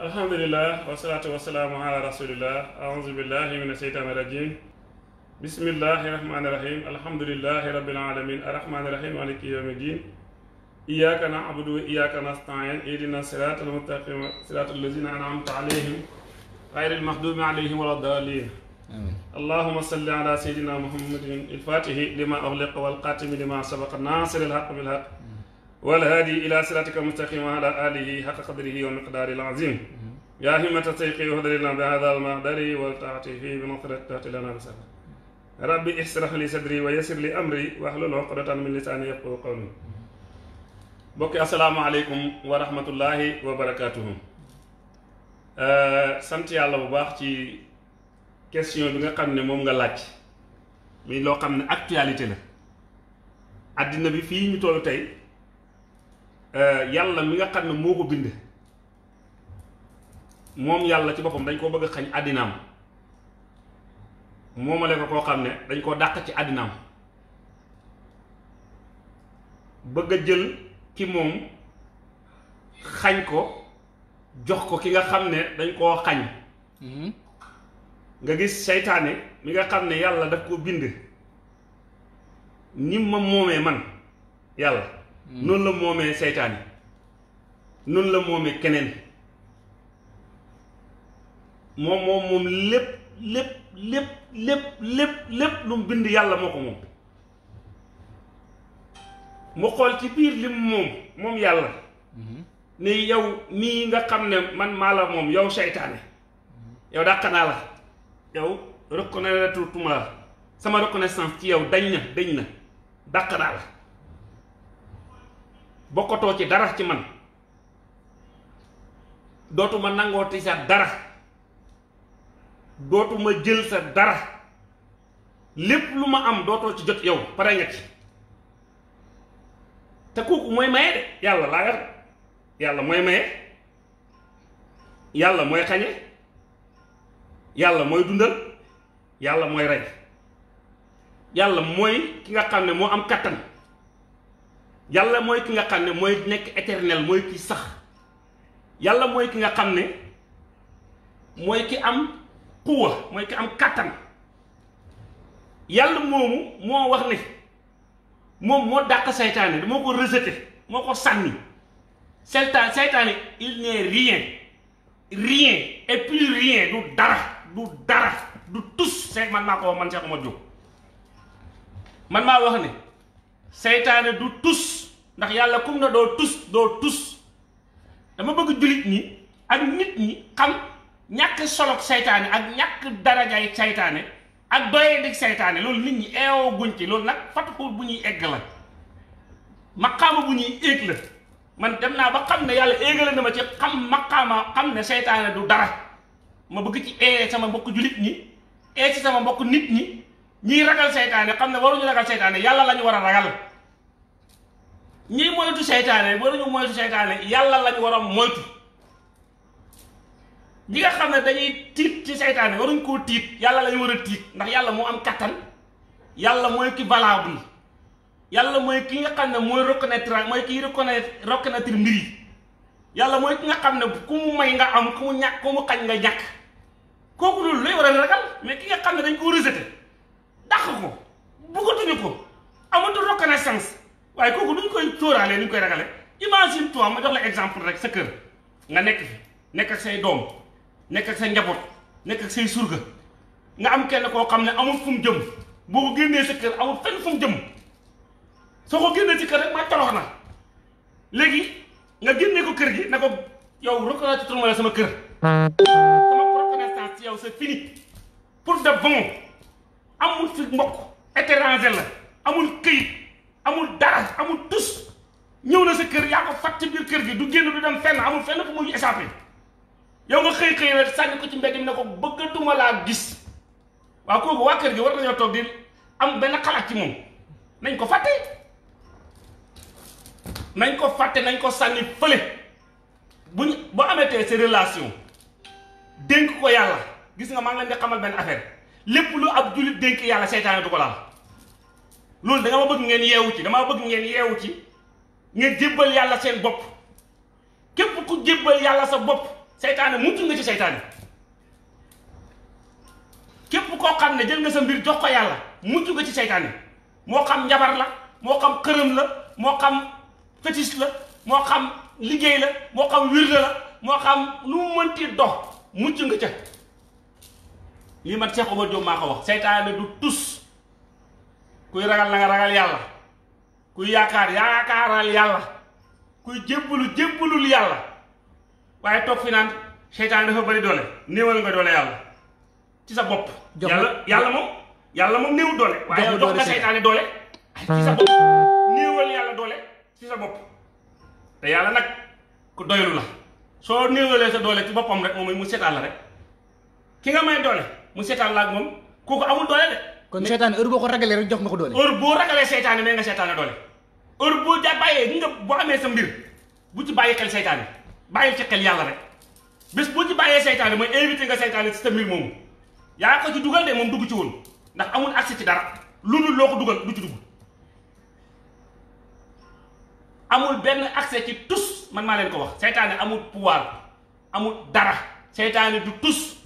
alhamdulilah wasalaatu wasalaamu ala rasulillah aousubillahi min asheytaani rajim bismillahi rahmaani rahim alhamdulilahi rabbil alamin arrahmaani rahim maliki yawmi din iyaaka na'budu wa iyaaka nastain ihdina siraatal mustaqim siraatal lazina an'amta alayhim ghayril maghdubi alayhim wala daalin allahuma salli ala sayidina muhammadin il fatihi lima ughliqa wal xaatimi lima sabaqa naasiril haqqi bil haqqi والهادي إلى صراطك المستقيم وعلى آله حق قدره ومقداره العظيم يا همة السيقي وهدر لنا بهذا المقدر والتعطي فيه بنصرة تهت لنا بسر ربي احسرح لي صدري ويسر لي أمري واحلل عقدة من لساني يفقهوا قولي mbokki asalaamaaleykum wa rahmatullahi wa barakaatuhu sant yàlla bu baax ci question bi nga xam ne moom nga laaj mi loo xam ne actualité la àddina bi fii ñu tollu tey Euh, yàlla mi nga xam ne moo ko bind moom yàlla ci boppam dañ koo bëgg xañ àddinaam moomale ko koo xam ne dañ koo dàq ci àddinaam bëgg a jël ki moom xañ ko jox ko ki nga xam ne dañ koo xañ mm-hmm. nga gis seytaane mi nga xam ne yàlla daf koo bind ni ma moomee man yàlla Mm. noonu la moomee seytaane noonu la moomee keneen moom moom lépp lépp lépp lépp lu mu bind yàlla moo ko moom mu xool ci biir lim moom moom yàlla mm-hmm. ni yow nii nga xam ne man maa la moom yow seytaane yow dàq la yow sama reconnaissance ci yow dañ na dañ na dàq naa la bokkatoo ci dara ci man dootuma nangooti sa dara dootuma jël sa dara lépp lu ma am dootoo ci jot yow pare nga ci te kooku mooy maye de yàlla laa yor yàlla mooy maye yàlla mooy xañe yàlla mooy dundal yàlla mooy rey yàlla mooy ki nga xam ne moo am kattan yàlla mooy ki nga xam ne mooy nekk éternel mooy ki sax yàlla mooy ki nga xam ne mooy ki am quwa mooy ki am kàttan yàlla moomu moo wax ne moom moo dàq saytaane moo ko rejeté moo ko sànni saytaan saytaane il n'est rien rien et plus rien du dara du dara du tus say man maa ko wax man Cheikh Omar Diop man maa wax ne seytaane du tus ndax yàlla kum na doo tus doo tus dama bëgg jullit ni ak nit ñi xam ñàkk solog saytaane ak ñàkk darajaay saytaane ak doyee dig saytaane loolu nit ñi eewoo guñ ci loolu nag fataxul bu ñuy egg la maqaama bu ñuy éeg la man dem naa ba xam ne yàlla éegale na ma ci xam maqaama xam ne saytaane du dara ma bëgg ci ee sama mbokk jullit ñi ee ci sama mbokk nit ñi ñiy ragal saytaane xam ne waruñu ragal saytaane yàlla la ñu war a ragal ñiy moytu seytaane war nañu moytu seytaane yàlla lañu war a moytu ñi nga xam ne dañuy tiit ci seytaane waruñ koo tiit yàlla lañu war a tiit ndax yàlla moo am kattan yàlla mooy ki valable yàlla mooy ki nga xam ne mooy reconnaître mooy kiy reconnaître reconnaître mbir yi yàlla mooy ki nga xam ne ku mu may nga am ku mu ñàkk ku mu xañ nga ñàkk kooku loolu lay war a ragal mais ki nga xam ne dañ ko rejeté ko bëggatuñu ko amatul reconnaissance waaye kooku nu ñu koy tóoraalee nu koy ragale imagine toi ma jox la exemple rek sa kër nga nekk fi nekk say doom nekk sa njaboot nekk ak say nga am kenn koo xam ne amul fu jëm boo ko génnee sa kër amul fenn fu jëm soo ko génnee si kër rek ma torox na léegi nga génnee ko kër gi ne ko yow reconnaître ma la sama kër sama ko ci yow sa fini pour de bon amul fi mbokk étranger la amul këyit amul dara amul tus ñëw na sa kër yaa ko fat ci biir kër gi du génn du dem fenn amul fenn fu muy échappé yow nga xëy xëy rek sànni ko ci mbedd mi ne ko bëggatuma laa gis waaw kooku waa kër gi war nañoo toog di am benn xalaat ci moom nañ ko fàtte nañ ko fàtte nañ ko sànni fële buñ amee te sa relation dénk ko yàlla gis nga maa ngi leen di xamal benn affaire lépp lu ab jullit dénk yàlla seytaane du ko laal loolu da nga ma bëgg ngeen yeewu ci damaa bëgg ngeen yeewu ci ngeen jébbal yàlla seen bopp képp ku jébbal yàlla sa bopp seytaane mucc nga ci seytaane képp koo xam ne jël nga sa mbir jox ko yàlla mucc nga ci seytaane moo xam njabar la moo xam xërëm la moo xam fétiche la moo xam liggéey la moo xam wirde la moo xam lu mu mënti dox mucc nga ca li man Cheikh Omar Diop maa ko wax seytaane du tus kuy ragal na nga ragal yàlla kuy yaakaar yaakaaral yàlla kuy jébbalu jébbalul yàlla waaye toog fi naan dafa bari doole néewal nga doole yàlla ci sa bopp yàlla yàlla moom yàlla moom néew doole waaye yow seytaane doole ci sa bopp néewal yàlla doole ci sa bopp te yàlla nag ku doylu la soo néewalee sa doole ci boppam rek moom mu seetaan la rek ki nga may doole mu seetaan la ak moom kooku amul doole de kon seytaane heure boo ko ragalee rek jox nga ko doole heure boo ragalee seytaane mais nga seytaane doole heure boo ja bàyyee nga boo amee sa mbir bu ci bàyyi xel seytaane bàyyi ci xel yàlla rek bés boo ci bàyyee seytaane mooy invité nga seytaane si sa mbir moomu yaa ko ci dugal de moom dugg ci woon ndax amul accès ci dara lu dul loo ko dugal du ci dugg amul benn accès ci tus man maa leen ko wax seytaane amul pouvoir amul dara seytaane du tus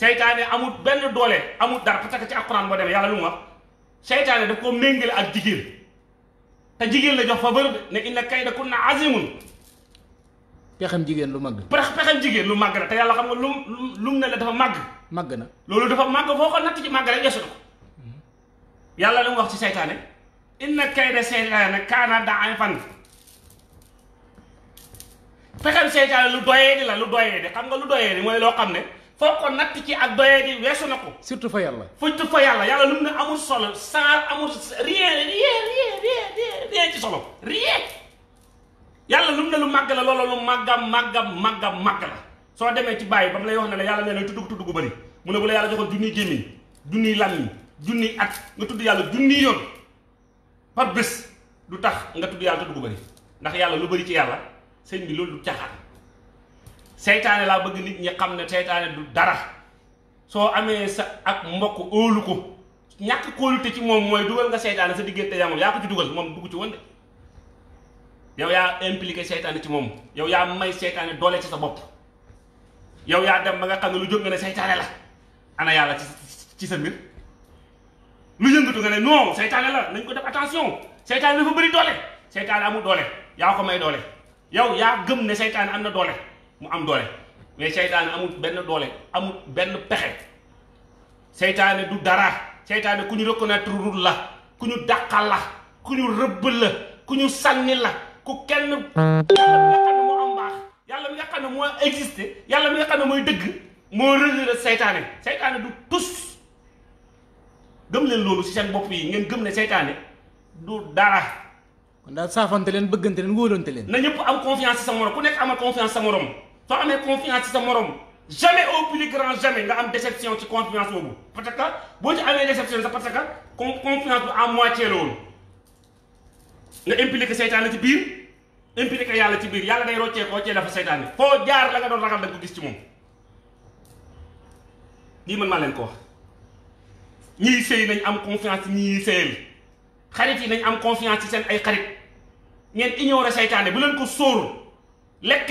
seytaane amul benn doole amul dara parce ci alxuraan boo demee yàlla lu mu wax seytaane daf koo méngale ak jigéen te jigéen la jox fa bër ne inna kaydakunna azimun pexem jigéen lu màgg pex pexem jigéen lu màgg la te yàlla xam nga lu lum la dafa màgg màgg na loolu dafa màgg foo ko natt ci màgg yàlla lu mu wax ci seytaane inna kayda seytaane kaana da'ifan pexem seytaane lu doyee di la lu doyee de xam nga lu doyee di mooy loo xam ne foo ko natt ci ak doyee di weesu na ko. surtout fa yàlla. surtout fa yàlla yàlla lu mu ne amul solo sans amul rien rien rien rien ci solo. rien yàlla lu mu ne lu màgg la loola lu màgga màgga màgga màgg la soo demee ci bàyyi ba mu lay wax ne la yàlla nee na tudd tuddu gu bëri mu ne bu la yàlla joxoon junniy gémmiñ junniy làmmiñ junniy at nga tudd yàlla junniy yoon par bés du tax nga tudd yàlla tudd gu bëri ndax yàlla lu bëri ci yàlla sëñ bi loolu seytaane laa bëgg nit ñi xam ne seytaane du dara soo amee sa ak mbokk óolu ko ñàkk kóolute ci moom mooy dugal nga seytaane sa diggante yaa moom yaa ko dugal moom dugg ci woon yow yaa impliqué seytaane moom yow yaa may seytaane doole ci sa bopp yow yaa dem ba nga xam ne lu jóg nga ne seytaane la yàlla ci ci sa mbir lu yëngatu nga ne non seytaane la nañ ko def attention seytaane dafa bëri doole seytaane amul doole yaa ko may doole yow yaa gëm ne seytaane am na doole mu am doole mais seytaane amul benn doole amul benn pexe seytaane du dara seytaane ku ñu reconnaître la ku ñu dàqal la ku ñu rëbb la ku ñu sànni la ku kenn yàlla mi nga xam ne moo am baax yàlla mi nga xam ne moo existé yàlla mi nga xam mooy dëgg moo rëdd seytaane seytaane du tus gëm leen loolu ci seen bopp yi ngeen gëm ne seytaane du dara kon daal saafante leen bëggante leen wóolante leen na ñëpp am confiance sa morom ku nekk amal confiance sa morom soo amee confiance ci sa morom jamais au plus grand jamais nga am déception ci confiance boobu parce que boo ci amee déception sax parce que confiance bu à moitié la woon nga impliqué seytaane ci biir impliqué yàlla ci biir yàlla day roccee koo cee dafa seytaane foo jaar la nga doon ragal da ko gis ci moom lii man maa leen ko wax ñii sëy nañ am confiance ñii sëyal xarit yi nañ am confiance ci seen ay xarit ngeen ignoré seytaane bu leen ko sóor lekk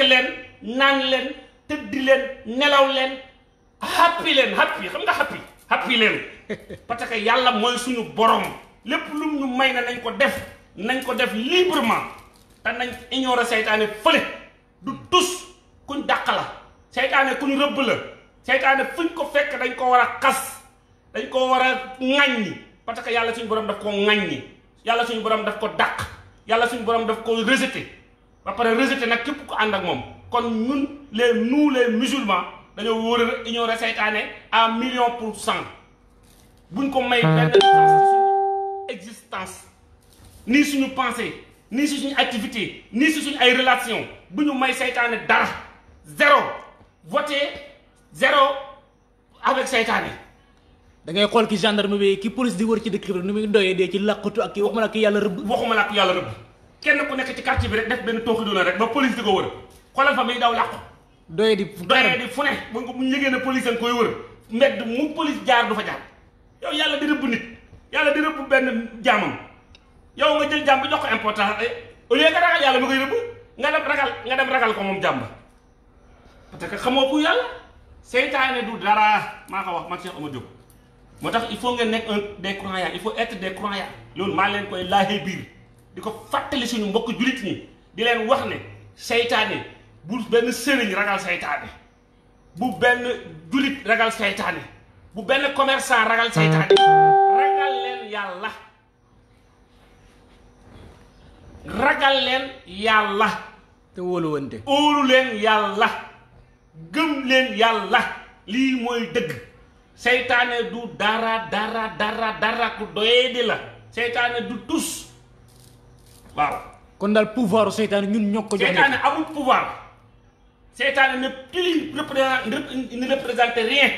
naan leen tëddi leen nelaw leen happy leen happy xam nga happy happy leen parce que yàlla mooy suñu borom lépp lu ñu may na nañ ko def nañ ko def librement te nañ war a seytaane fële du tus kuñ dàq la seytaane kuñ rëbb la seytaane fuñ ko fekk dañ ko war a xas dañ ko war a ŋàññi parce que yàlla suñu borom daf ko ni yàlla suñu borom daf ko dàq yàlla suñu borom daf ko rejeté ba pare rejeté nag képp ko ànd ak moom kon ñun les nous les musulmans dañoo wóor a ignorer seytaane à million pour cent buñ ko may ah. benn existence nii suñu pensée nii suñu activité nii si suñu ay relation bu ñu may seytaane dara zéro voté zéro avec seytaane da ngay xool ki gendarme bi ki police di wër ci dëkk bi nu muy doyee dee ci làqatu ak waxuma la ak yàlla rëbb waxuma la ak yàlla rëbb kenn ku nekk ci quartier bi rek def benn tooxi doona rek ba police di ko wër xoolal fa muy daw làqu. doye di fu doye di fu ne bu ñu yëgee ne police koy wër mbedd mu police jaar du fa jaar yow yàlla di bu nit yàlla di bu benn jaamam yow nga jël jàmm jox ko important eh, au lieu nga ragal yàlla mi koy rëbb nga dem ragal nga dem ragal ko moom jàmm parce que xamoo ku yàlla seytaane du dara maa ko wax man Cheikh Oumar Diop moo tax il faut ngeen nekk un des croyants il faut être des croyants loolu maa leen koy laajee biir di ko fàttali suñu mbokk jullit ñi di wax ne seytaane. bu benn sëriñ ragal saytaane bu benn julit ragal saytaane bu benn commerçant ragal saytaane ragal leen yàlla ragal leen yàlla te wóoluwante óolu leen yàlla gëm leen yàlla lii mooy dëgg seytaane du dara dara dara dara ku doyee di la seytaane du tus waaw kon daal pouvoir seytaane ñun ñoo ko jox seytaane amul pouvoir seytaane na plus ne représente rien.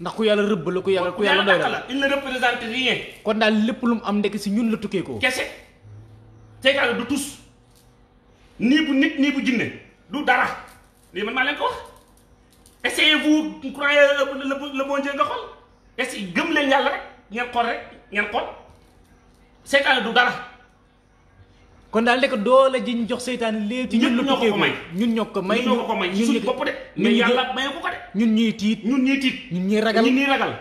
ndax ku yàlla rëbb la ku yàlla ku yàlla doy la il ne représente rien. kon daal lépp lu mu am ndekk si ñun la tukkee ko. kese seytaane du tus nii bu nit nii bu jinne du dara lii man maa leen ko wax essayez vous croyez la bon Dieu nga xool essayez gëm leen yàlla rek ngeen xool rek ngeen xool seytaane du dara. kon daal léegi doole ji ñu jox seytaane léegi. ñun ñoo ko ko may ñun ñoo ko may. ñun ñoo ko may suñu bopp de. mais yàlla maye ko ko de. ñun ñuy tiit ñun ñuy tiit. ñun ñuy ragal ñun ñuy ragal.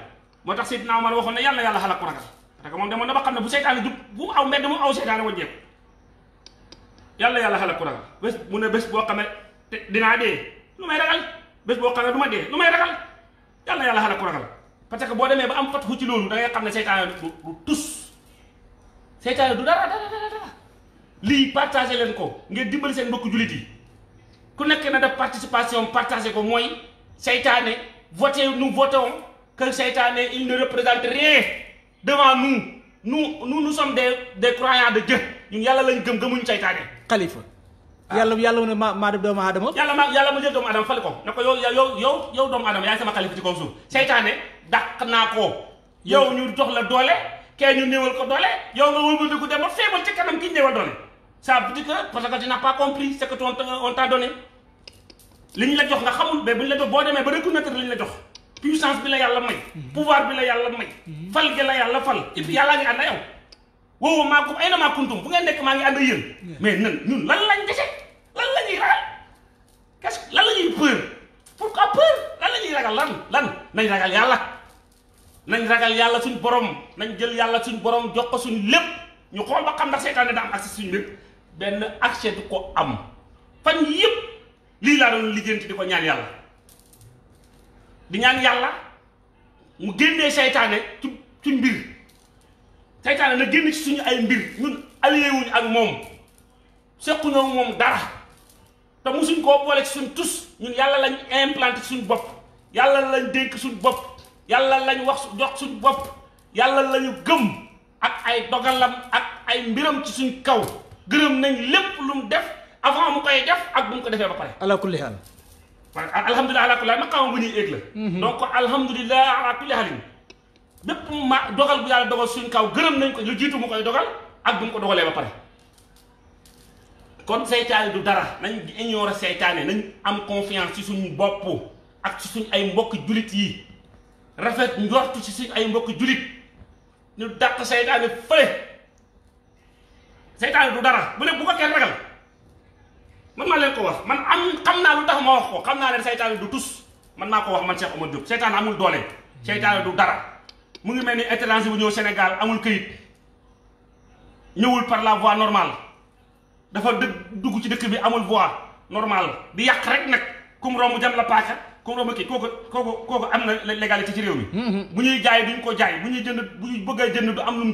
moo tax Seydina Omar waxoon ne yàlla yàlla xalaat ko ragal parce que moom demoon na ba xam ne bu seytaane jub bu aw mbedd mu aw seytaane wàññeeku yàlla yàlla xalaat ko ragal bés mu ne bés boo xam ne dinaa dee lu may ragal bés boo xam ne du ma dee lu may ragal yàlla yàlla xalaat ko ragal parce que boo demee ba am fatxu ci loolu da ngay xam ne seytaane du tus seytaane du dara dara dara lii partagé leen ko ngeen dimbali seen mbokku jullit yi ku nekk na def participation partagé ko mooy seytaane voté nous votons que seytaane il ne représente rien devant nous nous nu nous sommes des des jë ñu yàlla lañ gëm gëmuñu seytaane. xalifa ah. yàlla yàlla mu ne maa maa def doomu aadama. yàlla ma yàlla ma jël doomu aadama fale ko ne ko yow yow yow yow doomu aadama yaay sama xalifa ci kaw seytaane dàq naa ko. yow ñu jox la doole kee ñu néewal ko doole yow nga wëlbatiku dem ba feebal ci kanam ki ñu néewal sa veut dire que parce que pas compris ce que on t'a donné li ñu la jox nga xamul mais bu ñu la jox boo demee ba reconnaître li ñu la jox puissance bi la yàlla may mhm. pouvoir bi la yàlla may mhm. fal gi la yàlla fal et puis yàllaa ngi ànd a yow woowu maa ko ay na maa kuntum bu ngeen nekk maa ngi ànd a yéen mais nan ñun lan lañ dese lan la ñuy ragal quest lan la ñuy peur pourquoi peur lan la ñuy ragal lan lan nañ ragal yàlla nañ ragal yàlla suñ borom nañ jël yàlla suñ borom jox ko suñ lépp ñu xool ba xam ndax seytaane da am accès suñ lépp benn accès du ko am fan yëpp lii laa doon liggéenti di ko ñaan yàlla di ñaan yàlla mu génnee seytaane ci suñ mbir seytaane na génn ci suñu ay mbir ñun allié wuñ ak moom sequñoo moom dara te suñ koo boole ci suñ tus ñun yàlla lañ implanté suñ bopp yàlla lañ dénk suñ bopp yàlla lañ wax jox suñ bopp yàlla lañu gëm ak ay dogalam ak ay mbiram ci suñ kaw gërëm nañ lépp lu mu def avant mu koy def ak bu mu ko defee ba pare. ala kulli haal. maanaam alhamdulilah ala kulli haal maqaama bu ñuy yéeg la. Mhm. donc alhamdulilah ala bépp ma dogal bu yàlla dogal suñ kaw gërëm nañ ko lu jiitu mu koy dogal ak bu mu ko dogalee ba pare. kon seytaane du dara nañ ignorer seytaane nañ am confiance ci suñu bopp ak ci suñ ay mbokk julit yi rafet njortu ci suñ ay mbokk julit ñu dàq seytaane fële. seytaane du dara bu ne bu ko kenn ragal man maa leen ko wax man am xam naa lu tax ma wax ko xam naa leen seytaane du tus man maa ko wax man Cheikh Omar Diop seytaane amul doole seytaane du dara mu ngi mel ni étranger bu ñëw Sénégal amul këyit ñëwul par la voie normale dafa dëgg dugg ci dëkk bi amul voie normale bi yàq rek nag kum mu jam la paaka kum romb kii kooku kooku kooku am na légalité ci réew mi mm-hmm. bu ñuy jaay duñ ko jaay bu ñuy jënd bu bëgg a jënd du am lu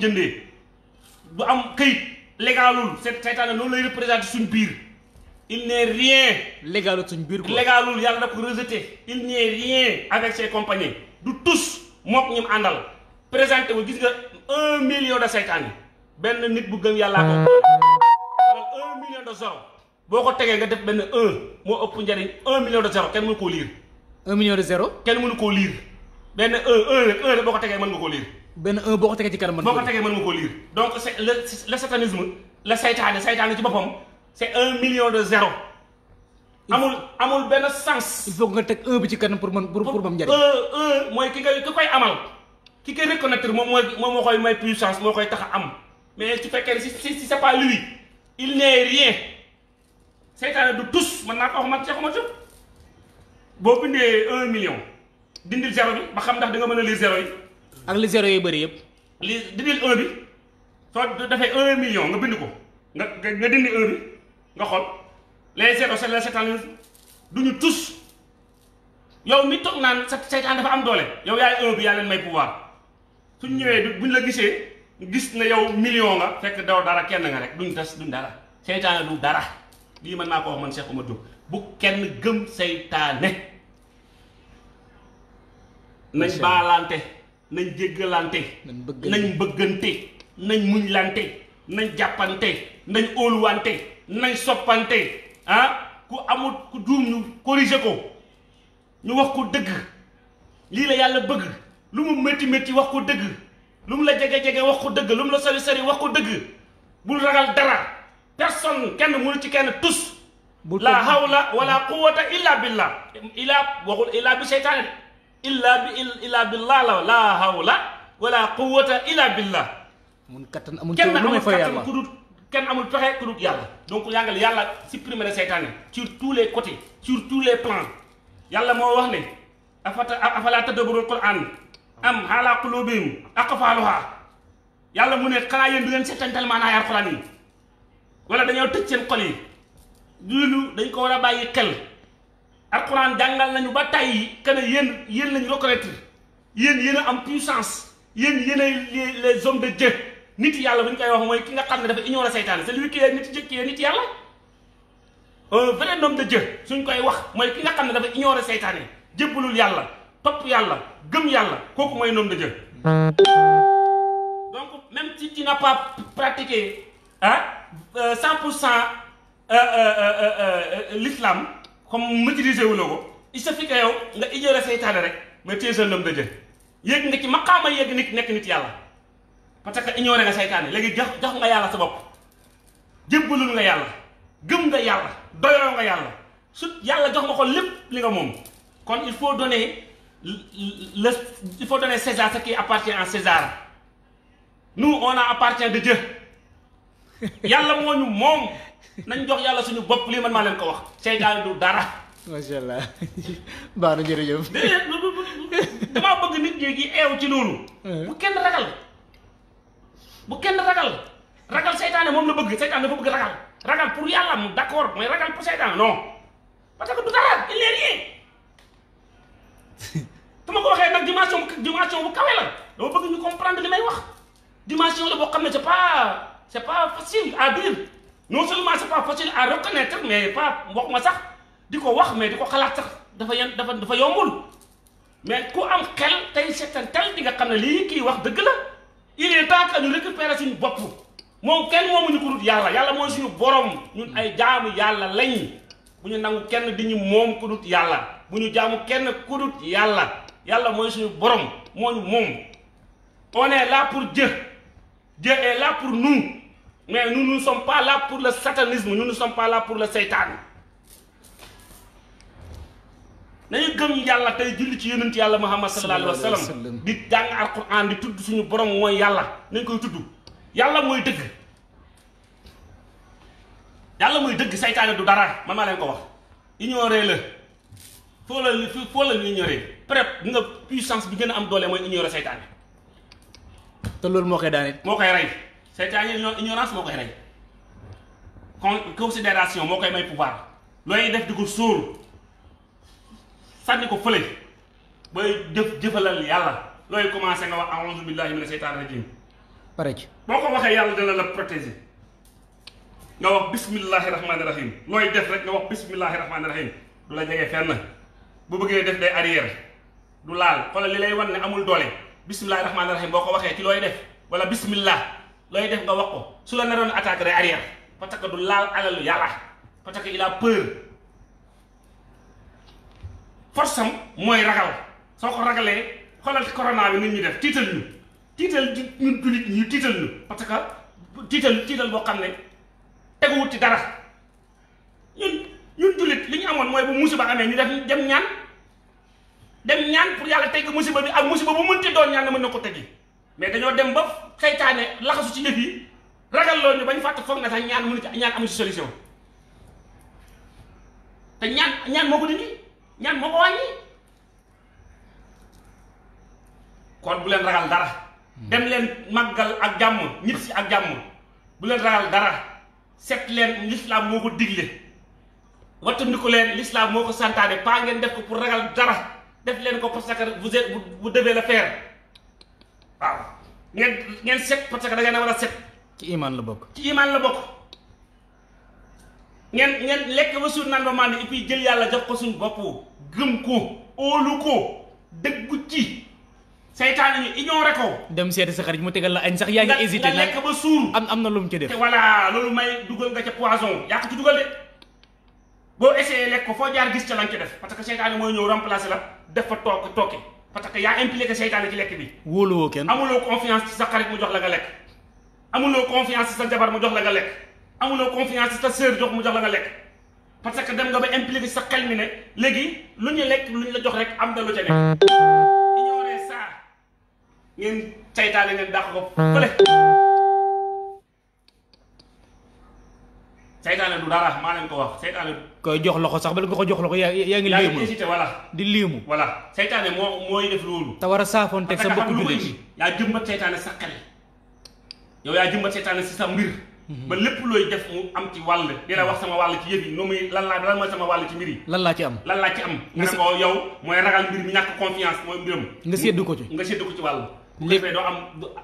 mu am këyit légalul seet seytaane la lay représenté suñ biir il n'est rien légalul suñ biir légalul yàlla daf ko rejeté il n'est rien avec ses compagnons du tous mook ñim àndal présenté wu gis nga un million de seytaane benn nit bu gën yàllaa ko un million de zéro boo ko tegee nga def benn un moo ëpp njëriñ un million de zéro kenn mënu koo liir un million de zéro kenn mënu koo liir benn un un rek boo ko tegee mën nga koo liir benn boo ko tegee ci kanam mën boo ko tegee mën nga koo lire donc c'est le le satanisme la saytaane saytaane ci boppam c'est un million de zéro amul amul benn sens il faut nga teg un bi ci kanam pour mën pour pour moom njëriñ un mooy ki ki koy amal ki koy reconnaître moom mooy moom moo koy may puissance moo koy tax a am mais ci fekkee ne si si c'est il n'est rien saytaane du tous man naa ko wax man ceexuma boo bindee un million dindil zéro bi ba xam ndax da nga mën a lire zéro yi ak li zéro yi bëri yëpp. li dindil un bi soo defee un million nga bind ko nga nga nga xool les zéro du ñu tus yow mi toog naan sa seytaan dafa am doole yow yaay un bi yaa leen may pouvoir suñ bu buñ la gisee gis na yow million nga fekk daw dara kenn nga rek duñ tas duñ dara seytaane du dara lii mën naa ko wax man Cheikh Oumar Diop bu kenn gëm seytaane nañ baalante nañ jéggalante nañ bëggante nañ muñlante nañ jàppante nañ óoluwante nañ soppante ah ku amul ku juum ñu corriger ko ñu wax ko dëgg lii la yàlla bëgg lu mu métti métti wax ko dëgg lu mu la jege-jege wax ko dëgg lu mu la sori sori wax ko dëgg bu ragal dara personne kenn mënu ci kenn tus la hawla wala quwwata illa billah ila waxul illa bi seytaane illaa bi illaa billah la laa hawla wala quwwata illaa billah mun kenn amul kattan ku dut kenn amul pexe ku dut yàlla donc yaa ngi yàlla supprimer seytaane sur tous les côtés sur les plans yàlla moo wax ne afata afala tadabbarul qur'an am ala qulubihim aqfaluha yàlla mu ne xanaa yéen du ngeen settantal maanaam alxuraan yi wala dañoo tëj seen xol yi loolu dañ ko war a bàyyi xel alxuraan jàngal nañu ba tey que ne yéen yéen lañu reconnaître yéen yéen a am puissance yéen yéen ay les hommes de Dieu nit yàlla bu koy wax mooy ki nga xam ne dafa ignoré seytaane c'est lui qui est nit Dieu qui est nit yàlla un vrai de Dieu suñ koy wax mooy ki nga xam ne dafa ignoré seytaane jébbalul yàlla topp yàlla gëm yàlla kooku mooy homme de Dieu donc même si tu n'as pas pratiqué ah cent pour cent euh, euh, l'islam comme maîtriser wu la ko il suffit que yow nga ignorer seytaane rek ba téye sa lëm da jël yéeg nga ci maqaama yéeg nit nekk nit yàlla parce que ignorer nga seytaane léegi jox jox nga yàlla sa bopp jébbalul nga yàlla gëm nga yàlla doyoo nga yàlla su yàlla jox nga ko lépp li nga moom kon il faut donner le il faut donner César ce qui appartient à César nous on a appartient de Dieu yàlla moo ñu moom. nañ jox yàlla suñu bopp lii man maa leen ko wax seytaane du dara macha allah baax na jërëjëf déedéet damaa bëgg nit ñi gi eew ci loolu eh? bu kenn ragal bu kenn ragal ragal seytaane moom la bëgg seytaane dafa bëgg ragal ragal pour yàlla mu pour seytaane non parce que du dara il n'est rien su ma ko waxee nag dimension dimension bu kawe la dama bëgg ñu comprendre li may wax dimension la boo xam ne c'est pas c'est pas à non seulement c'est pas facile à reconnaître mais pas wax ma sax di ko wax mais di ko xalaat sax dafa yen dafa dafa yombul mais ku am xel tey seetantal di nga xam ne lii kii wax dëgg la il est temps que ñu récupérer suñu bopp moom kenn moomuñu ko dut yàlla yàlla mooy suñu borom ñun ay jaamu yàlla lañ bu ñu nangu kenn di ñu moom ku dut yàlla bu ñu jaamu kenn ku yàlla yàlla mooy suñu borom moo ñu moom on est pour Dieu Dieu est là pour nous mais nous ne sommes pas pour le satanisme nous nu sommes pas pour le seytaan nañu gëm yàlla tey julli ci yonent yàlla muhammad sallallahu alayhi wa sallam di jàng alquran di tudd suñu borom mooy yàlla nañ koy tudd yàlla mooy dëgg yàlla mooy dëgg seytaane du dara man maa leen ko wax ignoré la foo la foo la ñu ignoré bi nga puissance bi gën a am doole mooy ignoré seytaane te loolu moo koy daanit moo koy rey c'est-à-dire ignorance moo koy rey con considération moo koy may pouvoir looy def di ko sóor sànni ko fële booy jëf jëfalal yàlla looy commencé nga wax a'uuzu billahi mina seytaani rajim boo ko waxee yàlla dana la protéger nga wax bismillahi rahmaani rahim looy def rek nga wax bismillahi rahmaani rahim du la jege fenn bu bëggee def day arrière du laal xoolal li lay wan ne amul doole bismillahi rahmaani rahim boo ko waxee ci looy def wala bismillah looy def nga wax ko su la naroon attaque day arrière parce que du laal alalu yàlla parce que il a peur mooy ragal soo ko ragalee xoolal corona bi nit ñi def tiital ñu tiital ñu jullit ñu tiital ñu parce que tiital tiital boo xam ne teguwut ci dara ñun ñun jullit li ñu amoon mooy bu musiba amee ñu def dem ñaan dem ñaan pour yàlla tegg musiba bi ak musiba bu mënti doon ñaan ne mën na ko teggi mais dañoo dem ba seytaane laxasu ci yëf yi ragal loolu ñu bañ fàtte foog na sax ñaan mënu ci ñaan amu ci solution te ñaan ñaan moo ko dindi ñaan moo ko wàññi kon bu leen ragal dara hmm. dem leen màggal ak jàmm ñib si ak jàmm bu leen ragal dara set leen lislaam moo ko digle wattandiku leen lislaam moo ko santaane pas ngeen def ko pour ragal dara def leen ko parce que bu êtes vous devez le faire waaw ngeen ngeen set parce que da ngeen a war a set. ci imaan la bokk. ci imaan la bokk ngeen ngeen lekk ba suur naan ba màndi et puis jël yàlla jox ko suñu bopp gëm ko óolu ko dëggu ci seytaane ñu ignoré ko. dem seeti sa xarit mu tegal la añ sax yaa ngi hésité nga lekk ba suur am am na lu mu ci def. te voilà loolu may dugal nga ca poison yaa ko ci dugal de boo essayé lekk ko foo jaar gis ca lañ ci def parce que seytaane mooy ñëw remplacer la def fa toog parce que yaa impliqué seytaane ci lekk bi. wóoluwoo kenn amuloo confiance ci sa xarit mu jox la nga lekk. amuloo confiance ci sa jabar mu jox la nga lekk. amuloo confiance ci sa sœur jox mu jox lekk. parce que dem nga ba impliqué sa xel mi ne léegi lu ñu lekk lu ñu la jox rek am na lu ca nekk. ignoré ça ngeen seytaane ngeen dàq ko fële. seytaane du dara maa leen ko wax seytaane koy jox ko sax bala nga ko jox loxo yaa yaa ngi liimu hésité voilà di liimu voilà seytaane moo mooy def loolu a saafoon teg sa mbokk jullit yaa jëmbat seytaane sa xel yaa jëmbat seytaane si sa mbir mhm. ba lépp looy def mu am ci wàll di wax mhm. sama wàll ci yëf yi nu lan laa lan mooy sama wàll ci mbir yi lan laa ci am lan laa ci am nga ne ko yow mooy ragal mbir mi ñàkk confiance mooy mbiram nga séddu ko ci nga séddu ko ci wàll léegi doo am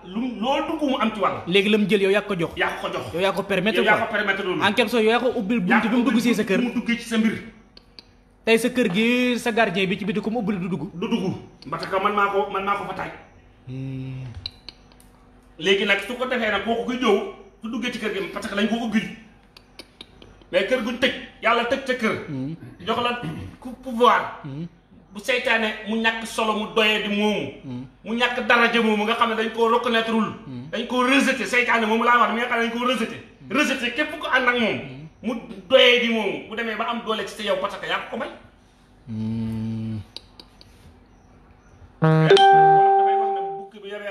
lu loolu dugg mu am ci wàll. léegi la mu jël yow yaa ko jox. yaa ko jox yow yaa ko permettre quoi yow yaa ko permettre loolu. en ubbil buntu mu dugg si sa kër. mu dugg ci sa mbir. tey sa kër gi sa gardien bi ci biti ko mu ubbil du dugg. du dugg parce que man maa ko man maa ko fa taaj. léegi nag su ko defee nag kooku koy ñëw du duggee ci kër gi parce que lañ ko ubbil mais kër gu tëj yàlla tëj sa kër. Hmm. jox la pouvoir. Hmm. bu seytaane mu ñàkk solo mu doyee di moomu hmm. mu ñàkk daraja moomu nga xam ne dañ koo reconnaître wul hmm. dañ koo rejeté seytaane moomu laa wax mi nga xam ne dañ koo rejeté hmm. rejeté képp ko ànd ak moom mu doyee di moomu bu demee ba am doole ci sa yow parce que yaa ko ko may damay wax ne bukki bi yoree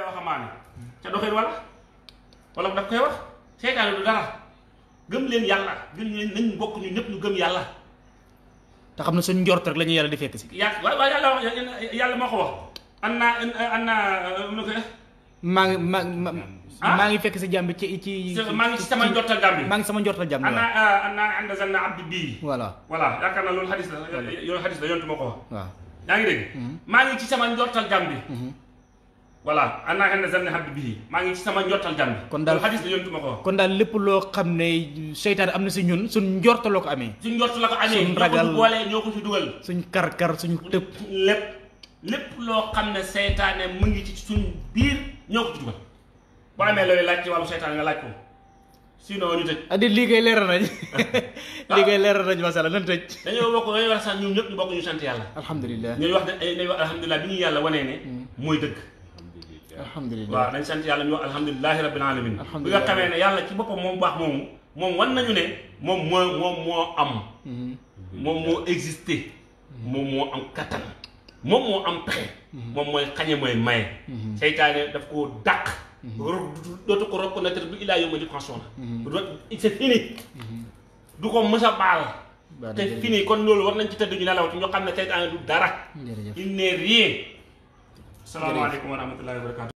bu daf koy wax seytaane du dara gëm leen yàlla gëm leen nañ bokk ñu ñëpp ñu gëm yàlla te xam ne suñ njort rek la ñu yàlla di fekk si. yaa waaw yàlla yàlla moo ko wax. an naa an naa maa ngi ma ma ah? maa ngi fekk si jàmbi ci ci. maa ngi sama njortal jàmbi. maa ngi sama njortal jàmbi waaw. an naa an naa abdi bii. voilà voilà yaakaar naa loolu xadis la. loolu xadis ko yaa ngi dégg. Mm-hmm. maa ngi ci sama njortal jàmbi. Mm-hmm. voilà an naa xam ne zane na xam ne maa ngi ci sama njortal jàmm. kon daal xadis la ma ko kon daal lépp loo xam ne seytaane am na si ñun suñ njort la ko amee. suñ njort la ko amee suñ ragal ñoo ko boolee ñoo ko si dugal. suñ karkar suñ tëb. lépp lépp loo xam ne seytaane mu ngi ci suñ biir ñoo ko si amee looy laaj ci wàllu seytaane nga laaj ko sinon ñu tëj. adi ah, lii kay leeral nañ. waaw lii kay leeral nañ masala lan tëj. dañoo bokk dañoo wax sax ñun ñëpp ñu bokk ñu sant yàlla. alhamdulilah ñooy wax ne ay nañu wax alhamdulilah yàlla wanee ne hmm. mooy dëgg alhamdulilah waaw dañ sant yàlla ñu wax alhamdulilahi rabbil alamin bi nga xamee ne yàlla ci boppam moom baax moomu moom wan nañu ne moom moo moom moo am mm-hmm. moom moo existé mm-hmm. moom moo am kattan moom moo am pexe mm-hmm. moom mooy xañe mooy maye seytaane daf koo dàq dootu ko rokk na bi illaa yow ma jëppension na doot c'est fini du ko mës a baal te fini kon loolu war nañ ci tëdd ñu nelaw ci ñoo xam ne seytaane du dara il n'est rien salaamaaleykum wa rahmatullahi wa barakatu